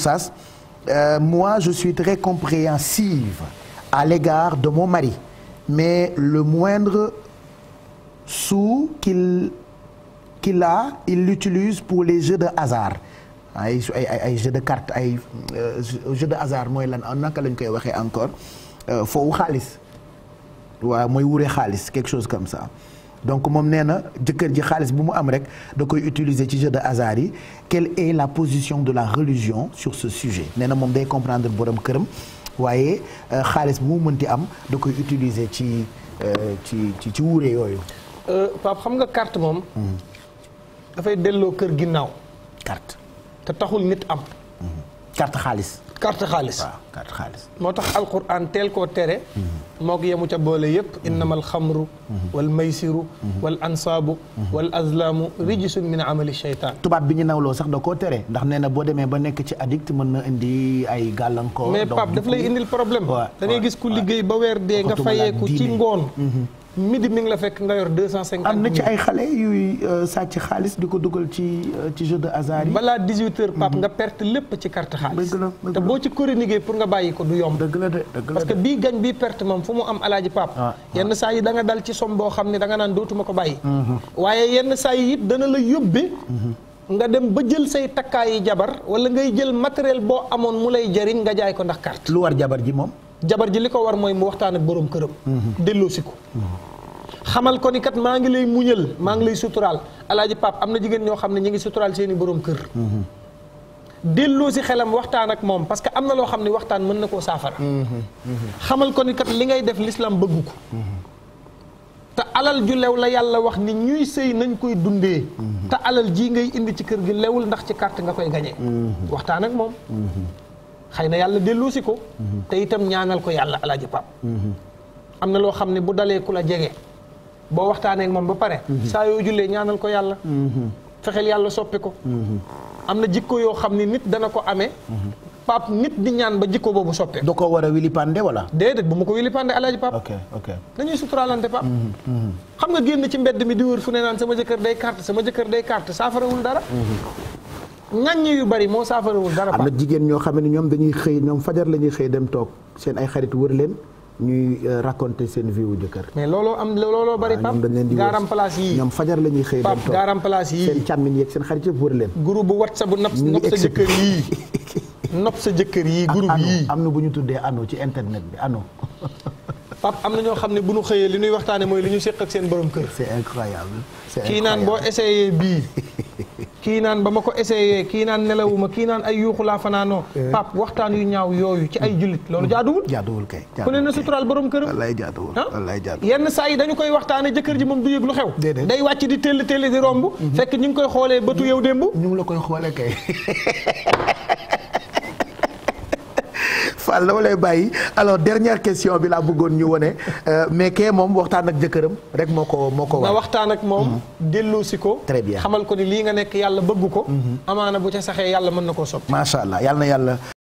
Oustaz euh, moi je suis très compréhensive à l'égard de mon mari mais le moindre sou qu'il qu'il a il l'utilise pour les jeux de hasard ay ay ay jeu de carte ay euh, jeu de hasard mooy lan naka lañ koy waxee encore euh, foofu xaalis waaw mooy wure xaalis quelque chose comme ça donc moom nee na jëkkër ji xaalis bu mu am rek da koy utiliser ci jeu de hasard yi quelle est la position de la religion sur ce sujet nee na moom day comprendre borom këram waaye euh, xaalis bu mu mënti am da koy utiliser ci euh, ci ci ci wuure yooyu. Euh, Pape xam nga carte moom. Hmm. dafay delloo kër ginnaaw. carte te taxul nit am. Hmm. carte xaalis. carte xaalis. carte xaalis moo tax alquran teel koo tere moog yemu ca boole yëpp innama alxamru wal maysiru wal ansaabu wal azlaamu rijisun min amali cheytaan tubaab bi ñu nawloo sax da koo tere ndax nee na boo demee ba nekk ci addict mën na indi ay gàllankoor mais Pape daf lay indil problème da ngay gis ku liggéey ba weer dee nga fayeeku ci ngoon mhm. midi mi ngi la fekk nga yor deux cent cinquante am na ci ay xale yuy euh, sàcc xaalis di ko dugal ci euh, ci jeu de hasard balaa dix-huit heures mhm. nga perte lépp ci carte xaalis te nga bàyyi ko du yomb. parce que bii gañ bii perte moom fu mu am alaaji pap ah, ah. yenn saa yi da dal ci som xam ne da nga naan dootuma ko bàyyi. Mm-hmm. waaye yenn saa yi it dana la yóbbee. Mm-hmm. nga dem ba jël say takkaayi jabar wala ngay jël matériel boo amoon mu lay jariñ nga jaay ko ndax carte. lu war jabar ji moom. jabar ji li ko war mooy mu waxtaan ak borom këram. Mm-hmm. delloosi ko. xamal ko ni kat maa ngi lay muñal maa ngi lay suturaal alaaji pap am na jigéen ñoo xam ne ñu ngi suturaal seeni borom kër. delloo si xelam waxtaan ak moom parce que am na loo xam ne waxtaan mën na koo saafara. xamal ko ni kat li ngay def lislaam bëgg ko. te alal ju lew la yàlla wax ni ñuy sëy nañ koy dundee. te alal jii ngay indi ci kër gi lewul ndax ci kart nga koy gañe waxtaan ak moom. xëy na yàlla delloo si ko. te itam ñaanal ko yàlla alaaji pap am na loo xam ne bu dalee ku la jege. boo waxtaanee ak moom ba pare. saa yoo jullee ñaanal ko yàlla. fexeel yàlla soppi ko mm-hmm. am na jikko yoo xam ne nit dana ko amee mm-hmm. pap nit di ñaan ba jikko boobu soppee da ko war a wili pande wala déedéet bu ma ko wili pande alaaji pap ok ok nañuy suturaalante pap mm-hmm, xam nga génn ci mbedd mi di wër fu ne naan sama jëkkër day carte sama jëkkër day carte saafarawul dara ñaññi yu bari moo saafarawul dara am na jigéen ñoo xam ne ñoom dañuy xëy ñoom fajar la ñuy xëy dem toog seen ay xarit wër leen ñuy euh, raconter seen vie wu jëkkër. mais looloo am looloo bari pap gaaram place yi ñoom fajar la ñuy xëy. pap gaaram place yi seen càmmin yeeg seen xarit yëpp wër leen. groupe bu whatsapp bu nopp sa jëkkër yii nopp sa jëkkër yii groupe yii am na bu ñu tuddee ano ci internet bi ano. pap am na ñoo xam ne bu nu xëyee li nuy waxtaane mooy li ñu séq ak seen borom kër. c'est incroyable. c'est kii naan boo essayé bii. kii naan ba ma ko essayé kii naan nelawuma kii naan ay yuuxu laa fanaanoo eh. pap waxtaan yu ñaaw yooyu ci ay jullit loolu hmm. jaaduwul jaaduwul kay ku ne na suturaal borom këram a jaaduwul ah? wallaay jaaduwul yenn saa yi dañu koy waxtaane jëkkër ji moom du yëg lu xew day wàcc di télli télli di romb hmm. fekk ñu ngi koy xoolee bëtu yow démb ñu ngi la koy xoolee kay Fall dama bàyyi alors dernière question bi laa bëggoon ñu wone euh, mais kee moom waxtaan ak jëkkëram rek moo ko moo ko. na waxtaan ak moom. Mhm. delloosi ko. très bien xamal ko ni lii nga nekk yàlla bëgg ko. Mhm. amaana bu ca saxee yàlla mën na koo sob macha allah yàlla na yàlla.